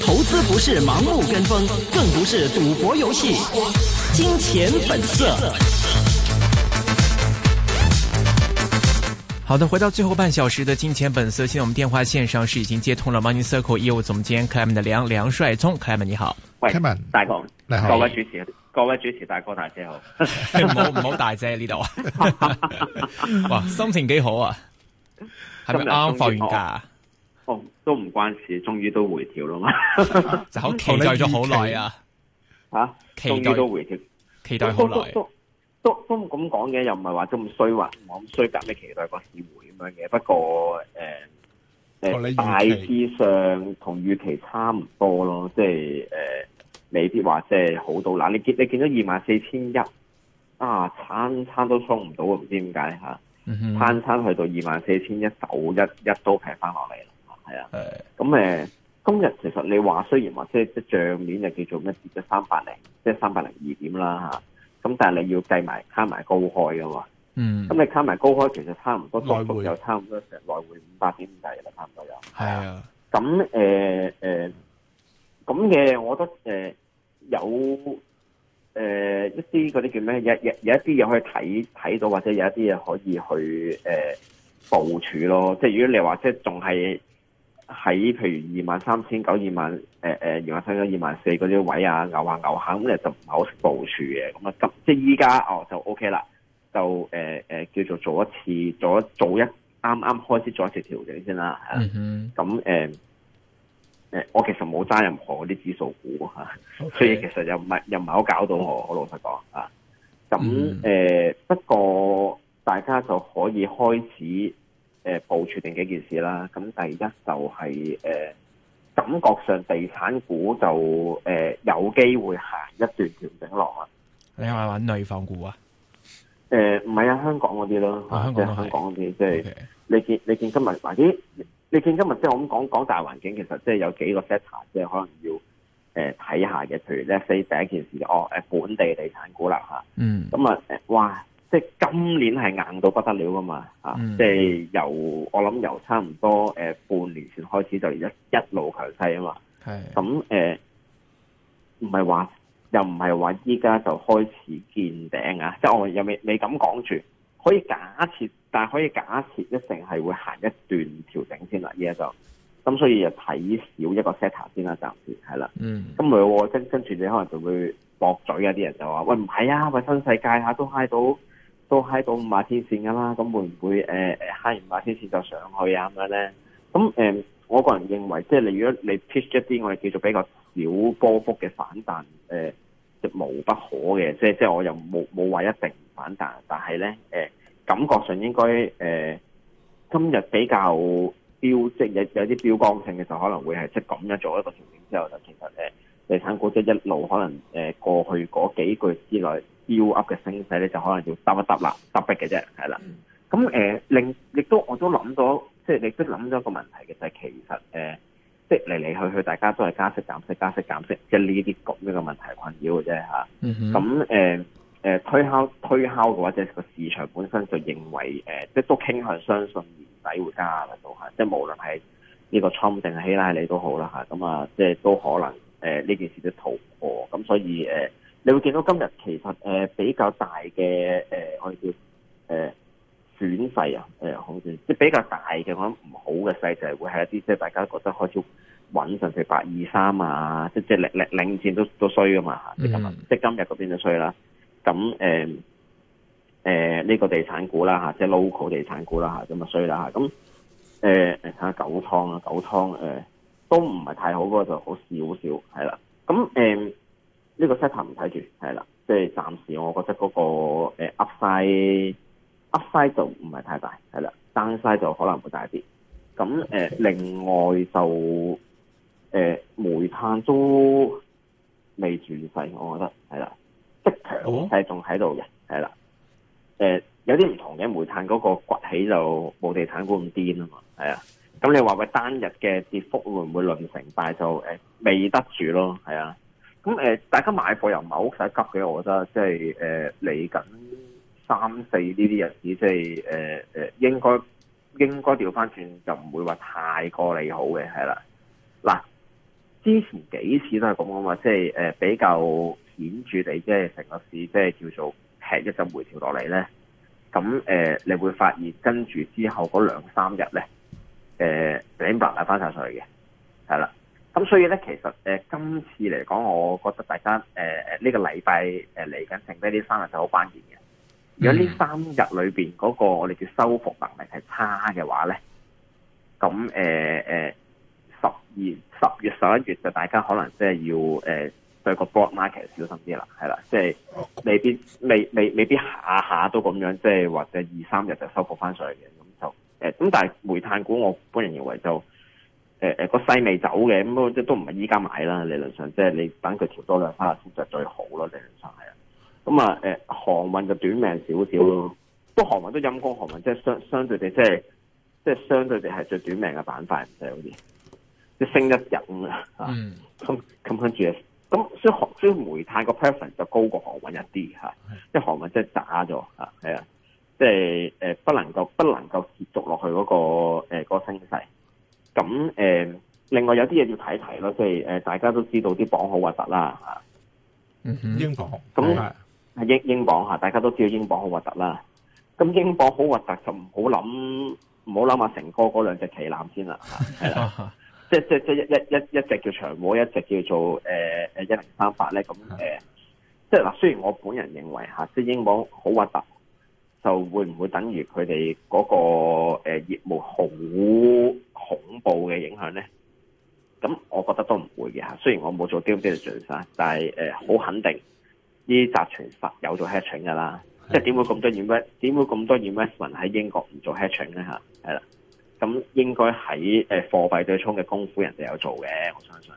投資不是盲目跟風，更不是賭博遊戲。金錢本色。好的，回到最後半小時的金錢本色，現在我們電話線上是已經接通了 Money Circle 業務總監 k e v 的梁梁帥聰 k e v 你好。喂，Kevin 大哥，各位主持，各位主持，大哥大姐好。唔好大姐呢度哇，心情幾好啊。今日啱放完假，是不是哦，都唔關事，終於都回調啦嘛， 就好期待咗好耐啊，吓待，終於、啊、都回調，期待好耐。都都咁講嘅，又唔係話咁衰，話冇咁衰，夾咩期待個市會咁樣嘅。不過誒誒，呃呃、大致上同預期差唔多咯，即係誒、呃、未必話即係好到。嗱，你見你見咗二萬四千一啊，餐餐都衝唔到，唔知點解吓。啊攀升、嗯、去到二萬四千一九一，一都平翻落嚟係啊。咁誒，今日其實你話雖然話即係即係賬面就叫做咩跌咗三百零，即係三百零二點啦吓。咁但係你要計埋計埋高開噶嘛。嗯。咁你計埋高開，其實差唔多來回又差唔多成來回五百點咁大差唔多有。係啊、嗯。咁誒誒，咁嘅、呃呃、我覺得誒、呃、有。誒、uh, 一啲嗰啲叫咩？有有有一啲嘢可以睇睇到，或者有一啲嘢可以去誒、呃、部署咯。即係如果你話即係仲係喺譬如二萬三千九、二萬誒誒二萬三千九、二萬四嗰啲位啊，牛下牛下咁你就唔係好識部署嘅。咁啊急，即係依家哦就 OK 啦，就誒誒、呃、叫做做一次，做一做一啱啱開始做一次調整先啦。嗯咁哼誒。嗯呃誒，我其實冇揸任何嗰啲指數股吓，Okay. 所以其實又唔係又唔係好搞到我，我、嗯、老實講啊。咁誒、嗯呃，不過大家就可以開始誒部署定幾件事啦。咁第一就係、是、誒、呃，感覺上地產股就誒、呃、有機會行一段調整浪。啊。你係咪揾內房股啊？誒、呃，唔係啊，香港嗰啲咯，即係、啊、香港嗰啲，即係 Okay. 你，你見你見今日嗱啲。你見今日即係我咁講講大環境，其實即係有幾個 setter，即係可能要誒睇下嘅。譬如咧，say 第一件事哦，誒本地地產股啦嚇，嗯，咁啊誒，哇！即係今年係硬到不得了噶嘛，啊，嗯，即係由我諗由差唔多誒半年前開始就一一路強勢啊嘛，係。咁，呃，誒，唔係話又唔係話依家就開始見頂啊！即係我又未未敢講住，可以假設，但係可以假設一定係會行一段調整先啦，依家就咁，所以就睇少一個 setter 先啦，暫時係啦。嗯。咁另外跟跟住，你可能就會駁嘴啊！啲人就話，喂，唔係啊，喂新世界下、啊、都嗨到都嗨到五萬天線噶啦，咁會唔會誒誒嗨五萬天線就上去啊咁樣咧？咁誒、呃，我個人認為，即係你如果你 pitch 一啲我哋叫做比較小波幅嘅反彈，誒、呃，就無不可嘅。即係即係，我又冇冇話一定唔反彈，但係咧誒。呃感覺上應該誒、呃，今日比較飆即有有啲標杆性嘅時候，可能會係即咁樣做一個調整之後，就其實誒，地產股即一路可能誒過去嗰幾個月之內飆 Up 嘅升勢咧，就可能要耷一耷啦，耷逼嘅啫，係啦。咁誒另亦都我都諗到，即係你都諗咗一個問題嘅就係、是、其實誒、呃，即嚟嚟去去大家都係加息減息加息減息，即係呢啲咁樣嘅問題困擾嘅啫吓，咁、啊、誒。嗯哼誒推敲推敲嘅話，即係個市場本身就認為誒，即係都傾向相信年底會加嘅狀態。即係無論係呢個侵定希拉里都好啦嚇，咁啊，即係都可能誒呢件事都逃唔過。咁所以誒，你會見到今日其實誒比較大嘅誒我哋叫誒損勢啊誒好啲，即係比較大嘅我諗唔好嘅勢就係會係一啲即係大家覺得開始穩上上八二三啊，即即係領領領展都都衰嘅嘛嚇，嗯、即係今今日嗰邊就衰啦。咁誒呢個地產股啦嚇、啊，即係 local 地產股啦嚇，咁啊衰啦，咁誒誒睇下九倉啊，九倉誒、呃、都唔係太好個，就好少少係啦。咁誒呢個 set up 唔睇住係啦，即係暫時我覺得嗰個 upside upside 就唔係太大係啦，downside 就可能會大啲。咁誒、呃、另外就誒、呃、煤炭都未轉勢，我覺得係啦。即強勢仲喺度嘅，係啦，誒有啲唔同嘅煤炭嗰個崛起就冇地產股咁癲啊嘛，係啊，咁你話佢單日嘅跌幅會唔會論成敗就未得住咯，係啊，咁大家買貨又唔係好使急嘅，我覺得即係誒嚟緊三四呢啲日子，即係誒、呃、應該應該調翻轉就唔會話太過利好嘅，係啦，嗱之前幾次都係咁啊嘛，即係誒、呃、比較。顯住你即係成個市，即係叫做劈一陣回調落嚟咧。咁誒、呃，你會發現跟住之後嗰兩三日咧，誒、呃，頂唔翻啊，翻晒上去嘅，係啦。咁所以咧，其實誒、呃，今次嚟講，我覺得大家誒誒呢個禮拜誒嚟緊剩低呢三日就好關鍵嘅。如果呢三日裏邊嗰個我哋叫修復能力係差嘅話咧，咁誒誒十二十月十一月就大家可能即係要誒。呃對個 Board Market 小心啲啦，係啦，即係未必、未、未、未必下下都咁樣，即係或者二三日就收復翻上嘅，咁就誒咁、呃。但係煤炭股，我本人認為就誒誒個勢未走嘅，咁即都唔係依家買啦。理論上，即係你等佢調多兩日先就最好咯。理論上係啊。咁啊誒航運就短命少少咯，不過航運都陰功，航運即係相相對地即係，即係即係相對地係最短命嘅板塊嚟嗰啲，即係升一日咁啊，咁咁跟住。咁所以航所以煤炭個 percent 就高過航運一啲嚇，即係航運真係打咗啊，即係是的、啊呃、不能夠不能夠持續落去嗰、那個誒、呃那個、聲勢咁、啊、另外有啲嘢要睇睇咯，即係、呃、大家都知道啲磅好核突啦，嗯，英磅，咁英英磅大家都知道英磅好核突啦。咁、啊、英磅好核突就唔好諗唔好諗下成哥嗰兩隻旗艦先啦、啊 即即即一一一隻叫長和，一隻叫做誒誒一零三八咧。咁誒，即係嗱，雖然我本人認為嚇，即係英國好核突，就會唔會等於佢哋嗰個誒業務好恐怖嘅影響咧？咁我覺得都唔會嘅嚇。雖然我冇做啲唔知嘅最生，但係誒好肯定呢集團實有做 hatching 噶啦。即係點會咁多 investment？點會咁多 investment 喺英國唔做 hatching 咧？嚇係啦。咁應該喺誒貨幣對沖嘅功夫，人哋有做嘅，我相信。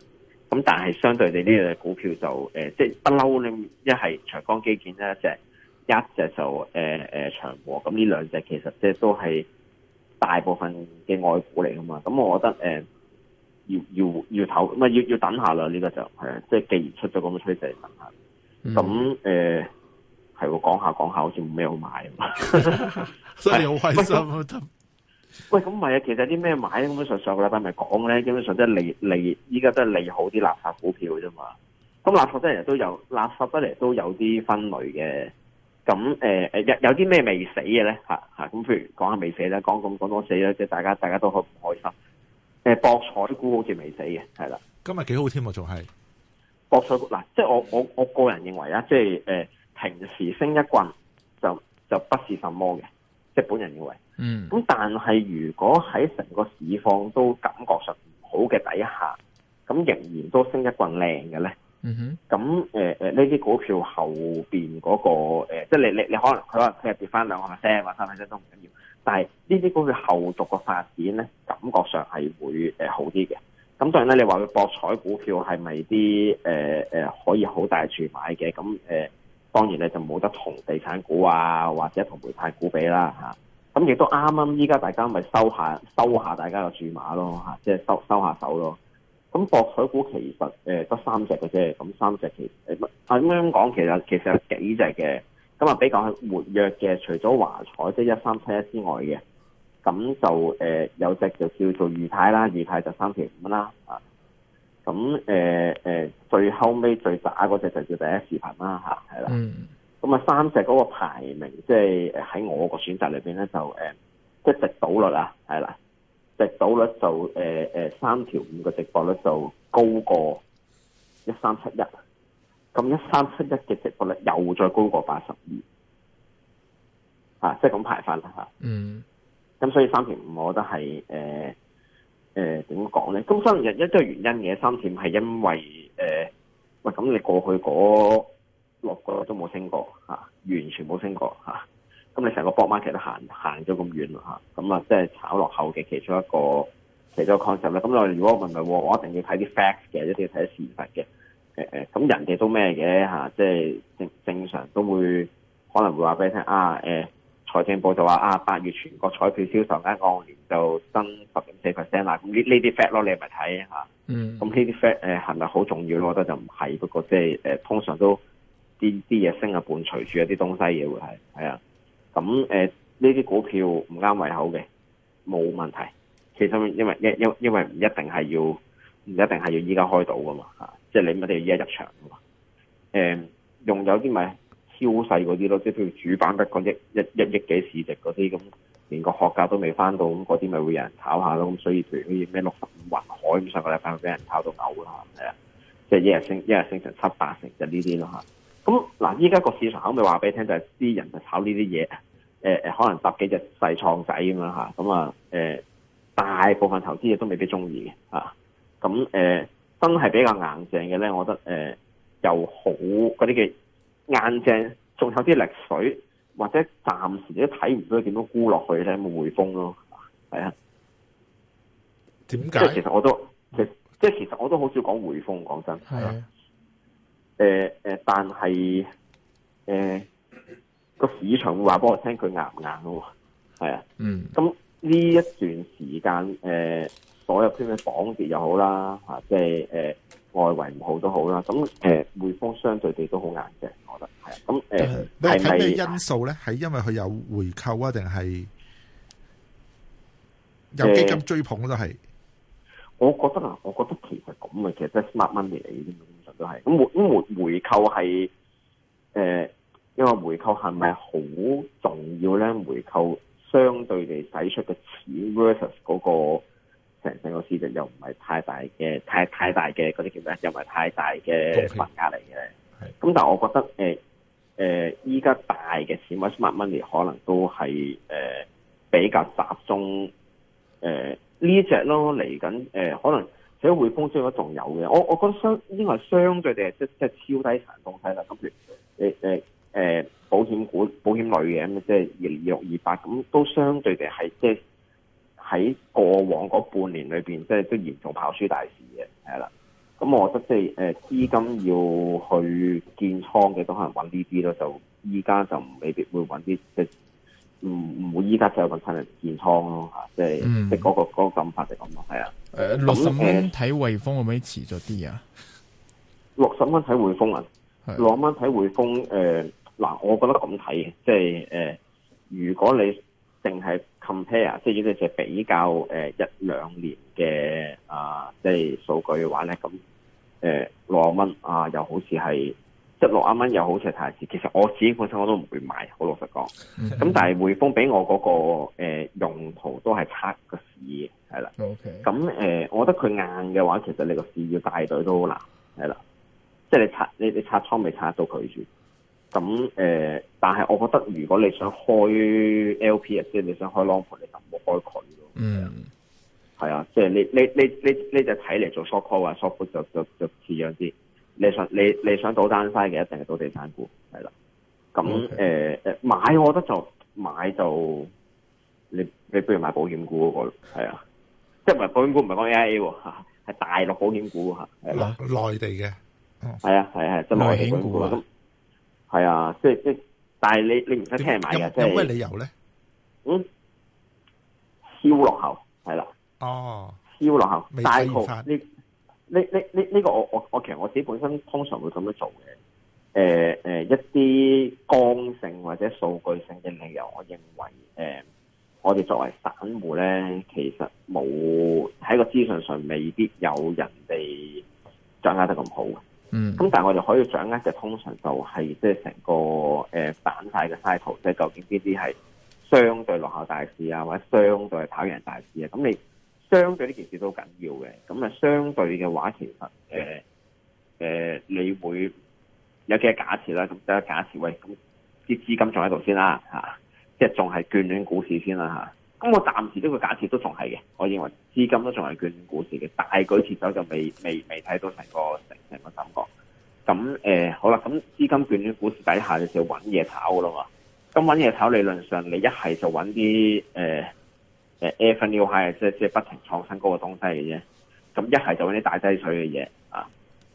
咁但係相對地呢隻股票、嗯、就、呃、即係不嬲。你一係長江基建一隻，一隻就誒誒、呃呃、長和。咁呢兩隻其實即係都係大部分嘅外股嚟㗎嘛。咁我覺得誒要要要投，要要，要，要，要等下啦。呢、呢個就即係既然出咗咁嘅趨勢，等下。咁誒係喎，講下講下，好似冇咩好買啊嘛。 所以你好開心喂，咁咪係啊，其實啲咩買基本上上個禮拜咪講咧，基本上都係利利，依家都係利好啲垃圾股票啫嘛。咁垃圾得嚟都有，垃圾得嚟都有啲分類嘅。咁誒誒，有有啲咩未死嘅咧？吓、啊、吓，咁、啊、譬如講下未死咧，講咁講多死咧，即係大家大家都好唔開心？誒、啊，博彩股好似未死嘅，係啦。今日幾好添、啊，仲係博彩嗱、啊，即係我我我個人認為啊，即係誒、呃、平時升一棍就就不是什麼嘅。即係本人認為，嗯，咁但係如果喺成個市況都感覺上唔好嘅底下，咁仍然都升一棍靚嘅咧，嗯哼，咁誒誒呢啲股票後邊嗰、那個、呃、即係你你你可能佢話佢跌返兩 percent 或三分之都唔緊要，但係呢啲股票後續嘅發展咧，感覺上係會誒、呃、好啲嘅。咁當然咧，你話佢博彩股票係咪啲誒誒可以好大處買嘅？咁誒。呃當然咧就冇得同地產股啊，或者同煤炭股比啦嚇。咁、啊、亦都啱啱依家大家咪收下收下大家嘅注碼咯嚇、啊，即係收收下手咯。咁博彩股其實誒得、欸、三隻嘅啫，咁三隻其誒、欸、啊點樣講其實其實有幾隻嘅。咁啊比較活躍嘅，除咗華彩即係一三七一之外嘅，咁就誒、欸、有隻就叫做裕泰啦，裕泰就三條五蚊啦。咁誒誒，最後尾最差嗰隻就叫第一視頻啦吓，係啦。咁啊、嗯，三隻嗰個排名，即係誒喺我個選擇裏邊咧，就誒，即、呃、係、就是、值博率啊，係啦，值博率就誒誒、呃，三條五嘅值博率就高過一三七一，咁一三七一嘅值博率又再高過八十二，啊，即係咁排法啦吓。嗯。咁所以三條五，我覺得係誒。呃誒點講咧？咁三日一都係原因嘅，三點係因為誒、呃，喂咁你過去嗰六個都冇升過、啊、完全冇升過咁、啊、你成個博 market 都行行咗咁遠咁啊即係炒落後嘅其中一個，其中一個 concept 咧。咁我如果我問係喎，我一定要睇啲 facts 嘅，一定要睇啲事實嘅。咁、啊啊、人哋都咩嘅、啊、即係正正常都會可能會話俾你聽啊，啊財政部就話啊，八月全國彩票銷售咧按年就增十點四 percent 啦。咁呢呢啲 fact 咯，你咪睇嚇。嗯。咁呢啲 fact 誒係咪好重要咧？我覺得就唔係。不過即係誒，通常都啲啲嘢升啊，伴隨住一啲東西嘅會係係啊。咁誒呢啲股票唔啱胃口嘅，冇問題。其實因為因因因為唔一定係要唔一定係要依家開到噶嘛。啊、即係你乜都要依家入場噶嘛。用、呃、有啲咪？超細嗰啲咯，即係譬如主板得個一一一億幾市值嗰啲，咁連個學價都未返到，咁嗰啲咪會有人炒下咯。咁所以譬如好似咩六十五雲海咁上個禮拜俾人炒到牛啦，係、就、啊、是，即係一日升一日升成七八成就呢啲咯嚇。咁嗱，依家個市場可唔可以話俾你聽？就係、是、私人就炒呢啲嘢，誒、呃、誒，可能十幾隻細創仔咁樣嚇。咁啊誒，大部分投資嘢都未必中意嘅嚇。咁誒、呃、真係比較硬淨嘅咧，我覺得誒、呃、又好嗰啲嘅。硬淨仲有啲力水，或者暫時都睇唔到點樣沽落去咧，冇回風咯，係啊？點解？即係其實我都即即係其實我都好少講回風，講真係啊。誒誒的、呃呃，但係誒個市場會話畀我聽佢硬唔硬咯，係啊。嗯。咁呢一段時間誒、呃，所有啲咩綁結又好啦，嚇即係誒。就是外圍唔好都好啦，咁誒匯豐相對地都好硬嘅，我覺得。咁誒，呃、你睇看咩因素咧？係因為佢有回購啊，定係有基金追捧都係、呃？我覺得啊，我覺得其實咁啊，其實都係 smart money 嚟嘅、就是，就係咁。回回回購係誒，因為回購係咪好重要咧？回購相對地使出嘅錢 versus 嗰、那個成個市值又唔係太大嘅，太太大嘅嗰啲叫咩？又唔係太大嘅份額嚟嘅。咁但係我覺得誒誒，依、呃、家大嘅錢，萬萬蚊嘅可能都係誒、呃、比較集中誒呢隻咯。嚟緊誒，可能而且匯豐先嗰仲有嘅。我我覺得相應該係相對地，即係即係超低層東西啦。譬如誒誒誒，保險股、保險類嘅咁即係二六二八咁，都相對地係即係。喺過往嗰半年裏面，即係都嚴重跑輸大市嘅，係啦。咁我覺得即係誒資金要去建倉嘅，都可能揾呢啲咯。就依家就未必會揾啲，即係唔唔會依家再揾出嚟建倉咯。嚇，即係即係嗰個嗰、嗰個諗法就咁嚟講，係啊。誒六十蚊睇滙豐可唔可以遲咗啲啊？六十蚊睇滙豐啊！六十蚊睇滙豐誒嗱，我覺得咁睇即係、呃、如果你淨係。compare 即係只係比較誒、呃、一兩年嘅啊、呃，即係數據嘅話咧，咁誒六蚊啊又好似係即係六啊蚊又好似係太遲。其實我自己本身我都唔會買，好老實講。咁 但係匯豐俾我嗰、那個、呃、用途都係測個市，係啦。咁誒 Okay.、嗯呃，我覺得佢硬嘅話，其實你個市要帶隊都好難，係啦。即係你測你你測倉未測到佢住。咁誒、呃，但係我覺得如果你想開 L P s，即係你想開 long put，你就唔好開佢咯。嗯，係啊，即係你呢你你呢睇嚟做 short call 啊 short put 就就就似樣啲。你想你你想賭單嘅，一定係賭地產股，係啦。咁誒誒，買我覺得就買就你你不如買保險股，嗰個，係啊，即係唔係保險股，唔係講 A I A 喎，係係大陸保險股吓，係內、啊、地嘅，係啊係係，即係、啊啊就是、內地保險股啊。係啊，即係即係，但係你你唔使聽人買㗎，即係有。咁咩、即係、理由咧？嗯，超落後係啦，哦，超落後。大概呢呢呢呢個我我我其實我自己本身通常會咁樣做嘅。誒、呃、誒、呃，一啲剛性或者數據性嘅理由，我認為誒、呃，我哋作為散戶咧，其實冇喺個資訊上未必有人哋掌握得咁好。嗯，咁但係我哋可以掌握嘅通常就、呃、係即係成個誒板塊嘅 cycle，即係究竟呢啲係相對落後大市啊，或者相對係跑贏大市啊？咁你相對呢件事都好緊要嘅，咁啊相對嘅話，其實誒誒、呃呃、你會有幾多假設啦，咁得假設喂，咁啲資金仲喺度先啦吓，即係仲係眷戀股市先啦、啊、吓。咁我暫時呢個假設都仲係嘅，我認為資金都仲係眷戀股市嘅，大舉撤走就未未未睇到成個成成個感覺。咁、呃、好啦，咁資金眷戀股市底下，你就搵嘢炒噶啦嘛。咁搵嘢炒，理論上你一係、呃啊、就搵啲誒 all time new high 即係即係不停創新嗰個東西嘅啫。咁一係就搵啲大劑水嘅嘢啊。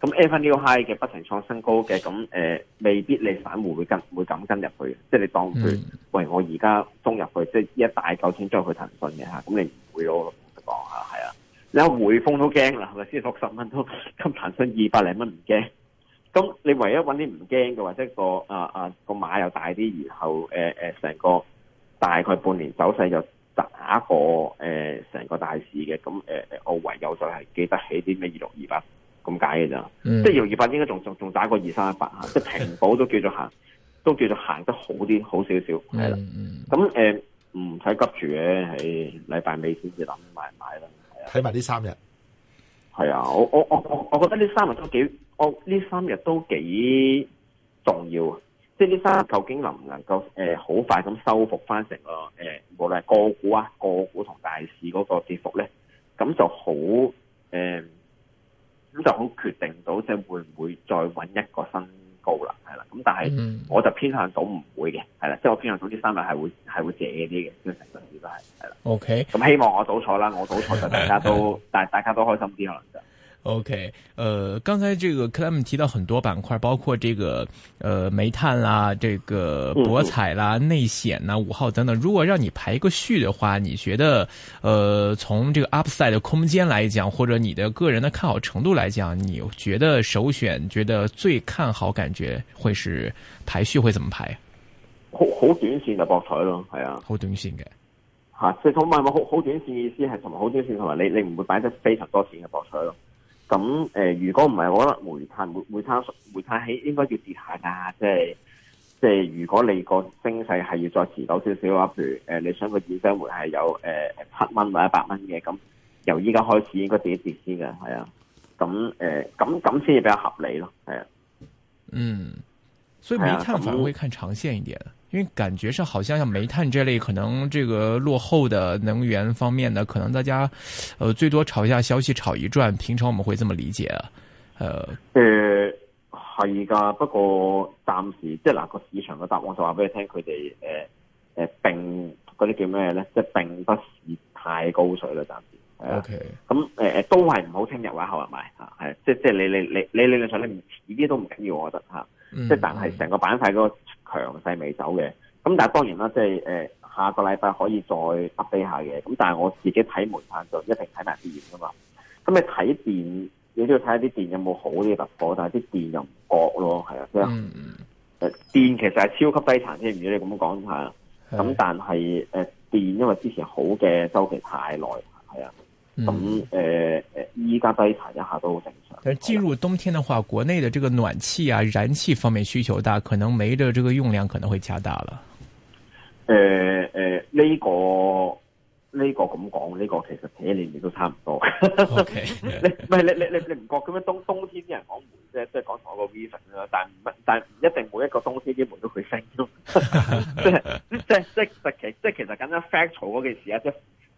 咁 even new high 嘅不停創新高嘅，咁誒、呃、未必你散戶會跟會敢跟入去即係你當佢，喂，我而家衝入去，即係一大嚿錢走去騰訊嘅嚇，咁你唔會咯？我講下係啊，而家匯豐都驚啦，係咪先六十蚊都咁騰訊二百零蚊唔驚？咁你唯一揾啲唔驚嘅，或者個啊啊個碼又大啲，然後誒誒成個大概半年走勢就打過誒成、呃、個大市嘅，咁誒誒我唯有就係記得起啲咩二六二八。咁解嘅咋，嗯、即係由二八應該仲仲仲打過二三一八，即係平保都叫做行，都叫做行得好啲，好少少係啦。咁誒，唔使、呃、急住嘅，喺禮拜尾先至諗買唔買啦。睇埋呢三日，係啊，我我我我我覺得呢三日都幾，我呢三日都幾重要。即係呢三日究竟能唔能夠誒好快咁收復翻成個誒、呃，無論係個股啊、個股同大市嗰個跌幅咧，咁就好誒。呃咁就好決定到，即係會唔會再搵一個新高啦，係啦。咁但係我就偏向到唔會嘅，係啦。即係我偏向到啲生物係會係會借啲嘅，即成個市都係，係啦。O K，咁希望我賭錯啦，我賭錯就大家都 但大家都開心啲可能就。O、okay, K，呃，剛才這個 Clement 提到很多板塊，包括這個，呃，煤炭啦、啊，這個博彩啦、啊，內險啦、啊、五號等等。如果讓你排一個序的話，你覺得，呃，從這個 upside 的空間來講，或者你的個人的看好程度來講，你覺得首選，覺得最看好，感覺會是排序會怎麼排？好好短線的博彩咯，係啊，好、啊、短線嘅，吓，即係我唔係話好好短線嘅意思係同埋好短線，同埋你你唔會擺得非常多錢嘅博彩咯。咁誒、呃，如果唔係我覺得煤炭、煤煤炭、煤炭係應該要跌下㗎，即係即係如果你個升勢係要再持久少少嘅話，譬如誒、呃，你想個現金回係有誒七蚊或者一百蚊嘅，咁由依家開始應該自己跌先㗎？係啊，咁誒，咁咁先至比較合理咯，係啊，嗯，所以煤炭反而會看長線一點。因為感覺上好像像煤炭，炭這類可能這個落後的能源方面呢，可能大家，呃最多炒一下消息炒一轉，平常我們會這麼理解啊，呃，誒係噶，不過暫時即係嗱個、呃、市場嘅答案我就話俾你聽，佢哋誒誒並嗰啲叫咩呢，即係並不是太高水啦，暫時，ok，咁、嗯呃、都係唔好聽日話後係咪啊？係，即係你你你理論上你遲啲都唔緊要，我覺得吓，即係但係成個板塊嗰個。強勢未走嘅，咁但係當然啦，即係誒下個禮拜可以再撥低下嘅，咁但係我自己睇煤炭就一定睇埋電㗎嘛，咁你睇電，你都要睇下啲電有冇好啲突破，但係啲電又唔覺咯，係啊，即係、嗯、電其實係超級低殘添，如果的你咁講嚇，咁但係誒電因為之前好嘅周期太耐，係啊。咁誒誒，依家低排一下都正常。但係進入冬天的話，國內的這個暖氣啊、燃氣方面需求大，可能煤的這個用量可能會加大了。誒誒、呃，呢、呃這個呢、這個咁講，呢、這個其實前一年亦都差唔多。 Okay. 你唔係你你你你唔覺咁樣冬冬天啲人講煤啫，即係講同一個 reason 啦。但係唔係，但係唔一定每一個冬天啲煤都會升咯。即係即係即係，其實即係其實咁樣 factual 嗰件事啊，即係。即即即即即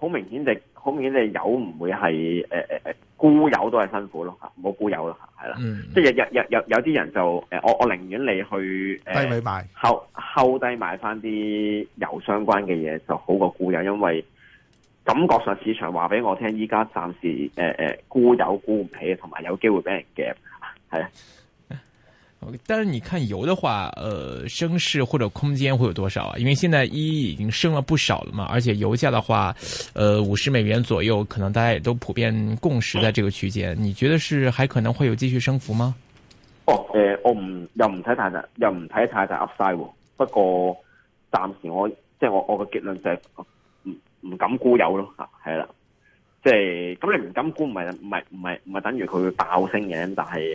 好明顯，你好明顯你有唔會係誒誒誒沽油都係辛苦咯，唔好沽油咯，係啦，嗯、即係有有有啲人就、呃、我我寧願你去、呃、低位買，後後低買翻啲油相關嘅嘢就好過沽油。」因為感覺上市場話俾我聽，依家暫時誒誒、呃、沽油沽唔起，同埋有，有機會俾人夾，係。但是你看油的話，呃，升勢或者空間會有多少啊？因為現在一、e、已經升了不少了嘛，而且油價的話，呃，五十美元左右，可能大家也都普遍共識在這個區間。你覺得是還可能會有繼續升幅嗎？哦，誒、呃，我唔又唔睇太大，又唔睇太大 Upside。不過暫時我即係我我嘅結論就係唔唔敢沽油咯，係啦。即係咁你唔敢沽唔係唔係唔係唔係等於佢會爆升嘅，但係誒。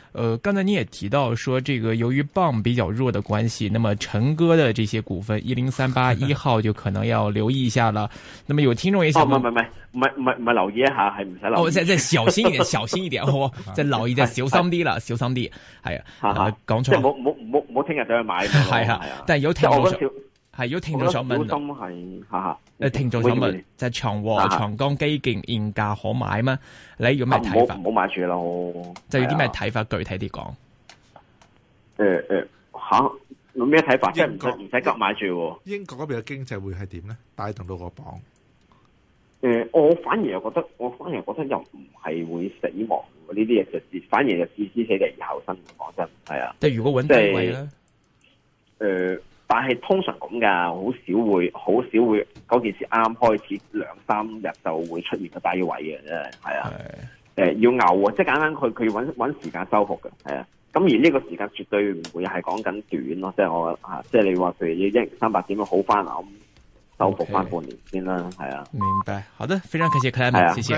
呃，剛才你也提到說，這個由於棒，比較弱的關係，那麼陳哥的這些股份一零三八一號就可能要留意一下了。那麼有聽眾也想哦，唔係唔係唔係，唔係唔係唔係，留意一下，係唔使留意。哦，再再小心一點，小心一點哦，再留意，再小心啲啦，小心啲。係啊，講錯。即係冇冇冇冇聽日再去買，但有如果想係誒，聽眾想問就長和、啊、長江基建現價可買嗎？你有咩睇法？唔好買住咯，就有啲咩睇法？的具體啲講。誒誒、呃，吓有咩睇法，國即係唔唔使急買住。英國嗰邊嘅經濟會係點咧？帶動到個榜。誒、呃，我反而又覺得，我反而覺得又唔係會死亡呢啲嘢，就反，而就置之死地而後生。講真，係啊。即係如果穩定位咧，誒。呃但係通常咁噶，好少會，好少會嗰件事啱開始兩三日就會出現個低位嘅啫，係啊的、呃，要熬喎，即係簡單，佢佢要揾揾時間修復嘅，係啊，咁而呢個時間絕對唔會係講緊短咯，即係我啊，即係你話譬如你一三百點都好翻啦，修復翻 Okay. 半年先啦，係啊，明白，好的，非常感謝 Clement，謝謝。